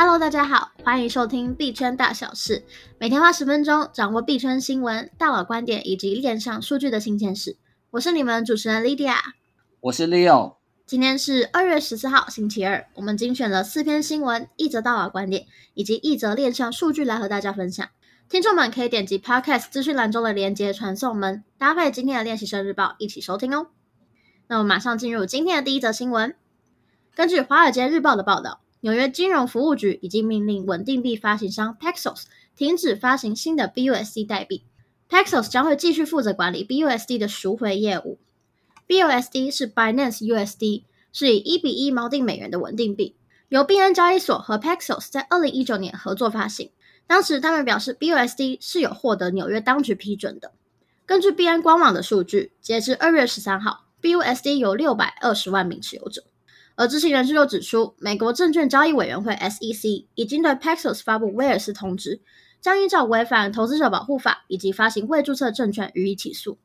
Hello，大家好，歡迎收聽幣圈大小事。每天花十分鐘，掌握幣圈新聞、大佬觀點以及鏈上數據的新鮮事。我是你們主持人 Lydia，我是 Leo。今天是二月十四號，星期二。我們精選了四篇新聞、一則大佬觀點以及一則鏈上數據來和大家分享。聽眾們可以點擊 Podcast 資訊欄中的連接傳送門，搭配今天的鏈習生日報一起收聽哦。那我們馬上進入今天的第一則新聞。根據《華爾街日報》的報道。紐約金融服務局已經命令穩定幣發行商 Paxos 停止發行新的 BUSD 代幣。Paxos 將會繼續負責管理 BUSD 的贖回業務。BUSD 是 Binance USD，是以一比一錨定美元的穩定幣，由幣安交易所和 Paxos 在2019年合作發行。當時他們表示 BUSD 是有獲得紐約當局批准的。根據幣安官網的數據，截至2月13號，BUSD 有620萬名持有者。而知情人士又指出，美國證券交易委員會 （SEC） 已經對 Paxos 發佈威爾斯通知，將依照違反投資者保護法以及發行未註冊證券予以起訴。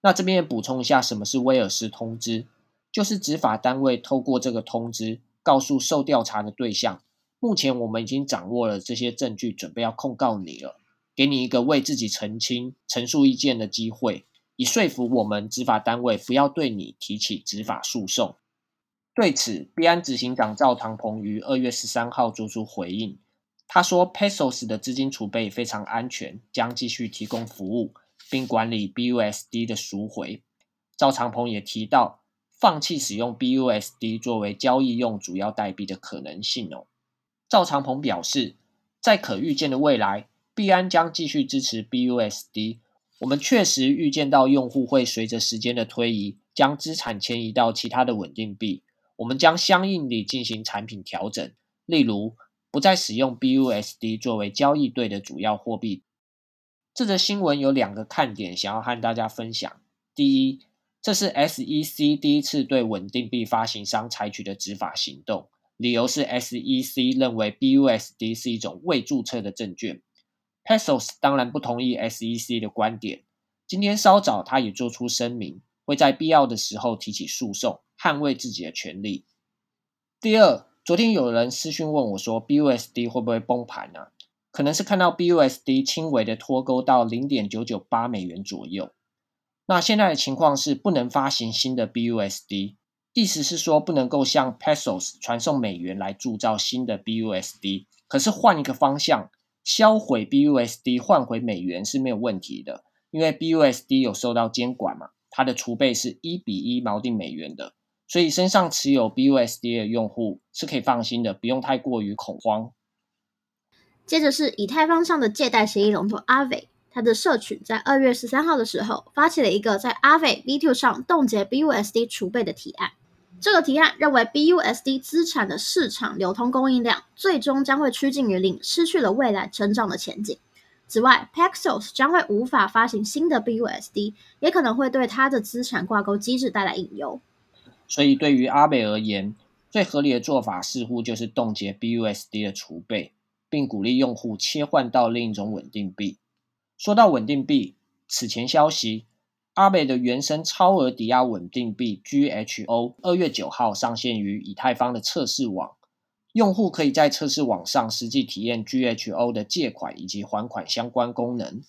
那這邊也補充一下，什麼是威爾斯通知？就是執法單位透過這個通知，告訴受調查的對象，目前我們已經掌握了這些證據，準備要控告你了，給你一個為自己澄清、陳述意見的機會，以說服我們執法單位不要對你提起執法訴訟。對此，幣安執行長趙長鵬於二月十三號作出回應。他說 Paxos 的資金儲備非常安全，將繼續提供服務，並管理 BUSD 的贖回。趙長鵬也提到，放棄使用 BUSD 作為交易用主要代幣的可能性哦。趙長鵬表示，在可預見的未來，幣安將繼續支持 BUSD。我們確實預見到用戶會隨着時間的推移，將資產遷移到其他的穩定幣。我們將相應地進行產品調整，例如不再使用 BUSD 作為交易對的主要貨幣。這則新聞有兩個看點，想要和大家分享。第一，這是 SEC 第一次對穩定幣發行商採取的執法行動，理由是 SEC 認為 BUSD 是一種未註冊的證券。Paxos 當然不同意 SEC 的觀點。今天稍早，他也做出聲明，會在必要的時候提起訴訟。捍衛自己的權利。第二，昨天有人私訊問我，說 BUSD 會不會崩盤呢、啊？可能是看到 BUSD 輕微的脫鈎到零點九九八美元左右。那現在的情況是不能發行新的 BUSD，意思是說不能夠向 Paxos 傳送美元來鑄造新的 BUSD。可是換一個方向，銷毀 BUSD 換回美元是沒有問題的，因為 BUSD 有受到監管嘛，它的儲備是一比一錨定美元的。所以身上持有 BUSD 的用戶是可以放心的，不用太過於恐慌。接着是以太坊上的借貸協議龍頭 Aave，它的社群在二月十三號的時候發起了一個在 Aave V2 上凍結 BUSD 儲備的提案。這個提案認為 BUSD 資產的市場流通供應量最終將會趨近於零，失去了未來成長的前景。此外，Paxos 將會無法發行新的 BUSD，也可能會對它的資產掛鈎機制帶來隱憂。所以，對於 Aave 而言，最合理的做法似乎就是凍結 BUSD 的儲備，並鼓勵用戶切換到另一種穩定幣。說到穩定幣，此前消息，Aave 的原生超額抵押穩定幣 GHO 二月九號上線於以太坊的測試網，用戶可以在測試網上實際體驗 GHO 的借款以及還款相關功能。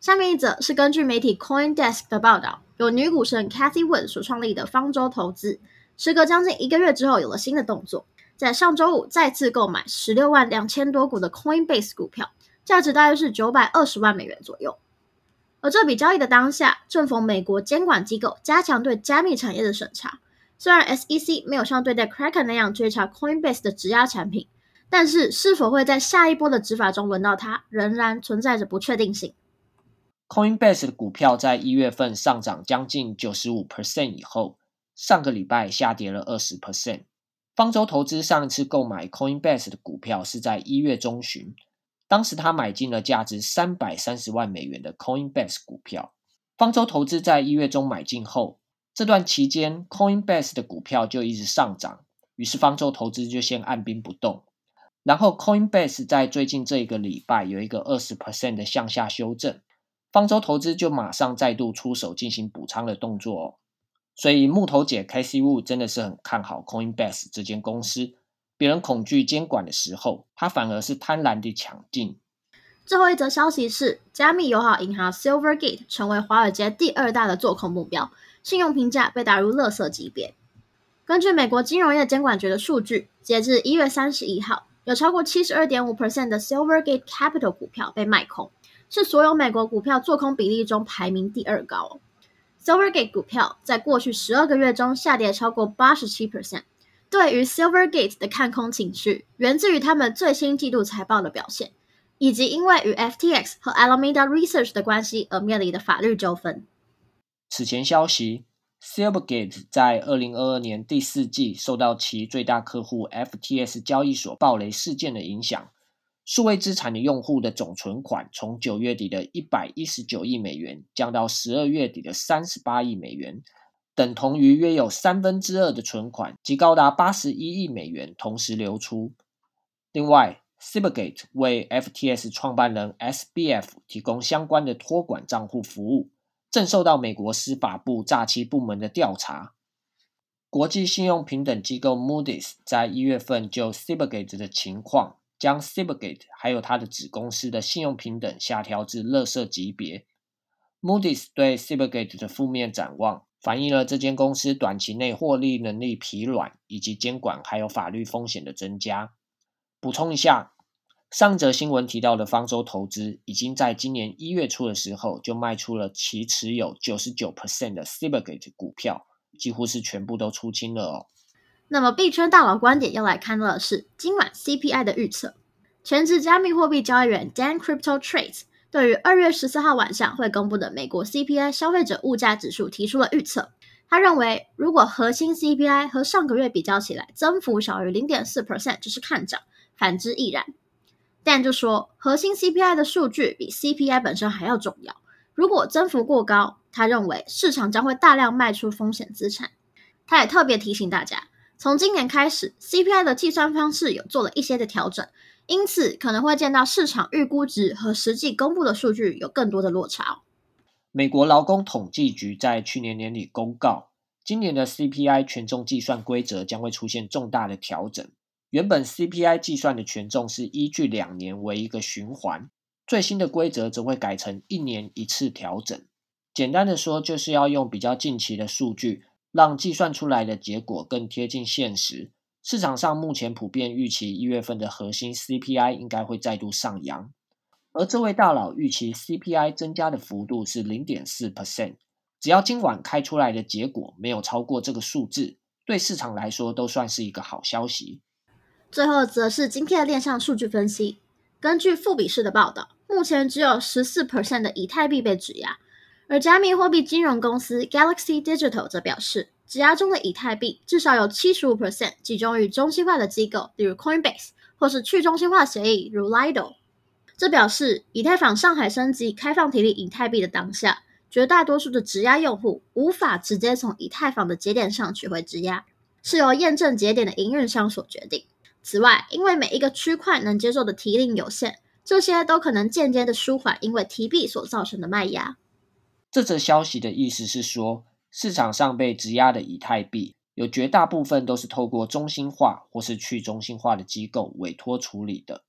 下面一則，是根據媒體 CoinDesk 的報道，由女股神 Cathie Wood 所創立的方舟投資，時隔將近一個月之後，有了新的動作，在上周五再次購買十六萬兩千多股的 Coinbase 股票，價值大約是九百二十萬美元左右。而這筆交易的當下，正逢美國監管機構加強對加密產業的審查。雖然 SEC 沒有像對待 Kraken 那樣追查 Coinbase 的質押產品，但是是否會在下一波的執法中輪到它，仍然存在着不確定性。Coinbase 的股票在一月份上漲將近九十五 percent 以後，上個禮拜下跌了二十 percent。方舟投資上一次購買 Coinbase 的股票是在一月中旬，當時他買進了價值三百三十萬美元的 Coinbase 股票。方舟投資在一月中買進後，這段期間 Coinbase 的股票就一直上漲，於是方舟投資就先按兵不動。然後 Coinbase 在最近這一個禮拜有一個二十 percent 的向下修正。方舟投資就馬上再度出手進行補倉的動作哦，所以木頭姐 Cathie Wood 真的是很看好 Coinbase 這間公司。別人恐懼監管的時候，他反而是貪婪地搶進。最後一則消息是，加密友好銀行 Silvergate 成為華爾街第二大的做空目標，信用評價被打入“垃圾”級別。根據美國金融業監管局的數據，截至一月三十一號，有超過七十二點五 percent 的 Silvergate Capital 股票被賣空。是所有美國股票做空比例中排名第二高哦。Silvergate 股票在過去十二個月中下跌超過八十七 percent。對於 Silvergate 的看空情緒，源自於他們最新季度財報的表現，以及因為與 FTX 和 Alameda Research 的關係而面臨的法律糾紛。此前消息，Silvergate 在二零二二年第四季受到其最大客戶 FTX 交易所爆雷事件的影響。數位資產的用戶的總存款從九月底的119億美元降到十二月底的38億美元，等同於約有三分之二的存款，即高達81億美元同時流出。另外，Silvergate 為 FTX 創辦人 SBF 提供相關的托管賬戶服務，正受到美國司法部詐欺部門的調查。國際信用評等機構 Moody's 在一月份就 Silvergate 的情況。將 Silvergate 還有它的子公司的信用評等下調至垃圾級別。Moody's 對 Silvergate 的負面展望，反映了這間公司短期內獲利能力疲軟，以及監管還有法律風險的增加。補充一下，上則新聞提到的方舟投資，已經在今年一月初的時候就賣出了其持有九十九 percent 的 Silvergate 股票，幾乎是全部都出清了哦。那麼幣圈大佬觀點要來看的是今晚 CPI 的預測。全職加密貨幣交易員 Dan Crypto Trades 對於二月十四號晚上會公布的美國 CPI 消費者物價指數提出了預測。他認為，如果核心 CPI 和上個月比較起來增幅小於零點四 percent 就是看漲，反之亦然。Dan 就說，核心 CPI 的數據比 CPI 本身還要重要。如果增幅過高，他認為市場將會大量賣出風險資產。他也特別提醒大家。從今年開始，CPI 的計算方式有做了一些的調整，因此可能會見到市場預估值和實際公布的數據有更多的落差。美國勞工統計局在去年年底公告，今年的 CPI 權重計算規則將會出現重大的調整。原本 CPI 計算的權重是依據兩年為一個循環，最新的規則則會改成一年一次調整。簡單的說，就是要用比較近期的數據，讓計算出來的結果更貼近現實。市場上目前普遍預期一月份的核心 CPI 應該會再度上揚，而這位大佬預期 CPI 增加的幅度是零點四 percent。只要今晚開出來的結果沒有超過這個數字，對市場來說都算是一個好消息。最後則是今天的鏈上數據分析。根據富比士的報道目前只有十四 percent 的以太幣被質押。而加密貨幣金融公司 Galaxy Digital 則表示，質押中的以太幣至少有七十五 percent 集中於中心化的機構，例如 Coinbase 或是去中心化協議如 Lido。這表示以太坊上海升級開放提領以太幣的當下，絕大多數的質押用戶無法直接從以太坊的節點上取回質押，是由驗證節點的營運商所決定。此外，因為每一個區塊能接受的提領有限，這些都可能間接的舒緩因為提幣所造成的賣壓。這則消息的意思是說，市場上被質押的以太幣有絕大部分都是透過中心化或是去中心化的機構委託處理的。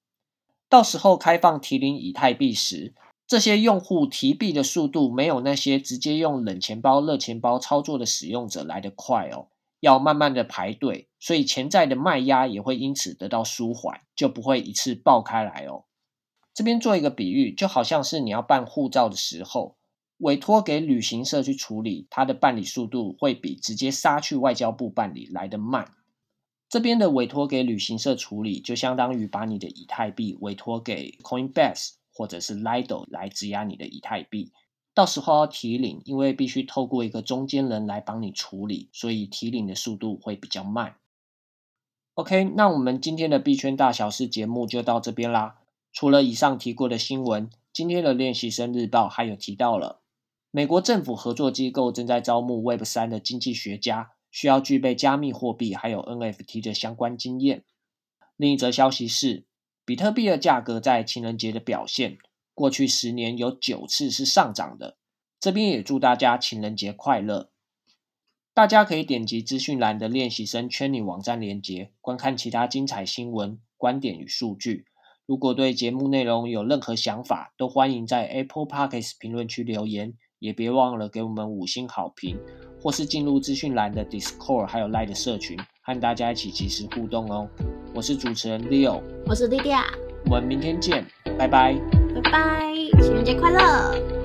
到時候開放提領以太幣時，這些用戶提幣的速度沒有那些直接用冷錢包、熱錢包操作的使用者來得快哦，要慢慢的排隊，所以潛在的賣壓也會因此得到舒緩，就不會一次爆開來哦。這邊做一個比喻，就好像是你要辦護照的時候。委託給旅行社去處理，它的辦理速度會比直接殺去外交部辦理來得慢。這邊的委託給旅行社處理，就相當於把你的以太幣委託給 Coinbase 或者是 Lido 來質押你的以太幣。到時候要提領，因為必須透過一個中間人來幫你處理，所以提領的速度會比較慢。OK，那我們今天的幣圈大小事節目就到這邊啦。除了以上提過的新聞，今天的鏈習生日報還有提到了。美國政府合作機構正在招募 Web 三的經濟學家，需要具備加密貨幣還有 NFT 的相關經驗。另一則消息是，比特幣的價格在情人節的表現，過去十年有九次是上漲的。這邊也祝大家情人節快樂！大家可以點擊資訊欄的練習生圈裡網站鏈接，觀看其他精彩新聞、觀點與數據。如果對節目內容有任何想法，都歡迎在 Apple Podcasts 評論區留言。也別忘了給我們五星好評，或是進入資訊欄的 Discord，還有 Line 社群，和大家一起即時互動哦。我是主持人 Leo，我是 Lydia，我們明天見，拜拜，拜拜，情人節快樂。